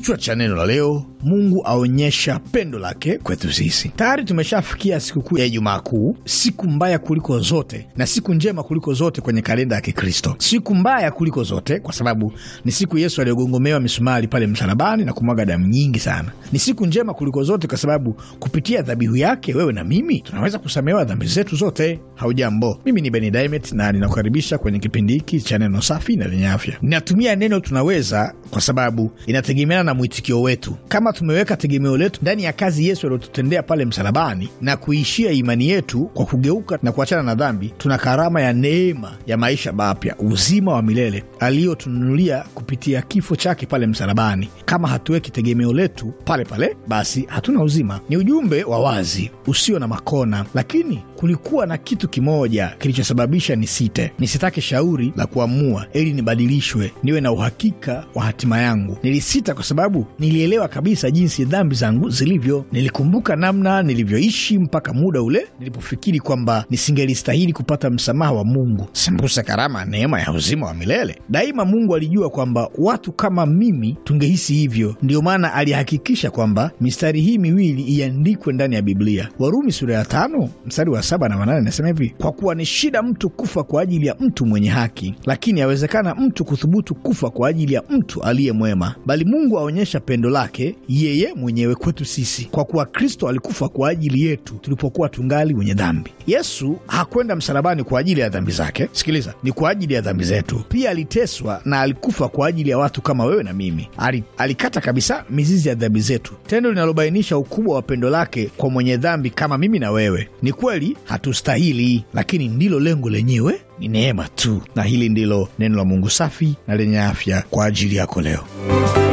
Kichwa cha neno la leo, Mungu aonyesha pendo lake kwetu sisi. Tayari tumeshafikia sikukuu ya Ijumaa Kuu, siku mbaya kuliko zote na siku njema kuliko zote kwenye kalenda ya Kikristo, siku mbaya kuliko zote kwa sababu ni siku Yesu aliyogongomewa misumari pale msalabani na kumwaga damu nyingi sana. Ni siku njema kuliko zote kwa sababu kupitia dhabihu yake wewe na mimi tunaweza kusamehewa dhambi zetu zote. Haujambo, mimi ni Beni Dimet na ninakukaribisha kwenye kipindi hiki cha neno safi na lenye afya. Ninatumia neno tunaweza kwa sababu inategemeana na mwitikio wetu kama kama tumeweka tegemeo letu ndani ya kazi Yesu aliyotutendea pale msalabani na kuishia imani yetu kwa kugeuka na kuachana na dhambi, tuna karama ya neema ya maisha mapya, uzima wa milele aliyotununulia kupitia kifo chake pale msalabani. Kama hatuweki tegemeo letu pale pale, basi hatuna uzima. Ni ujumbe wa wazi usio na makona, lakini kulikuwa na kitu kimoja kilichosababisha nisite, nisitake shauri la kuamua ili nibadilishwe, niwe na uhakika wa hatima yangu. Nilisita kwa sababu nilielewa kabisa kabisa jinsi dhambi zangu zilivyo. Nilikumbuka namna nilivyoishi mpaka muda ule nilipofikiri kwamba nisingelistahili kupata msamaha wa Mungu, sembuse karama neema ya uzima wa milele. Daima Mungu alijua kwamba watu kama mimi tungehisi hivyo, ndiyo maana alihakikisha kwamba mistari hii miwili iandikwe ndani ya Biblia. Warumi sura ya tano mstari wa saba na wanane nasema hivi, kwa kuwa ni shida mtu kufa kwa ajili ya mtu mwenye haki, lakini awezekana mtu kuthubutu kufa kwa ajili ya mtu aliye mwema, bali Mungu aonyesha pendo lake yeye mwenyewe kwetu sisi, kwa kuwa Kristo alikufa kwa ajili yetu tulipokuwa tungali wenye dhambi. Yesu hakwenda msalabani kwa ajili ya dhambi zake, sikiliza, ni kwa ajili ya dhambi zetu. Pia aliteswa na alikufa kwa ajili ya watu kama wewe na mimi. Ali, alikata kabisa mizizi ya dhambi zetu, tendo linalobainisha ukubwa wa pendo lake kwa mwenye dhambi kama mimi na wewe. Ni kweli hatustahili, lakini ndilo lengo lenyewe, ni neema tu, na hili ndilo neno la Mungu safi na lenye afya kwa ajili yako leo.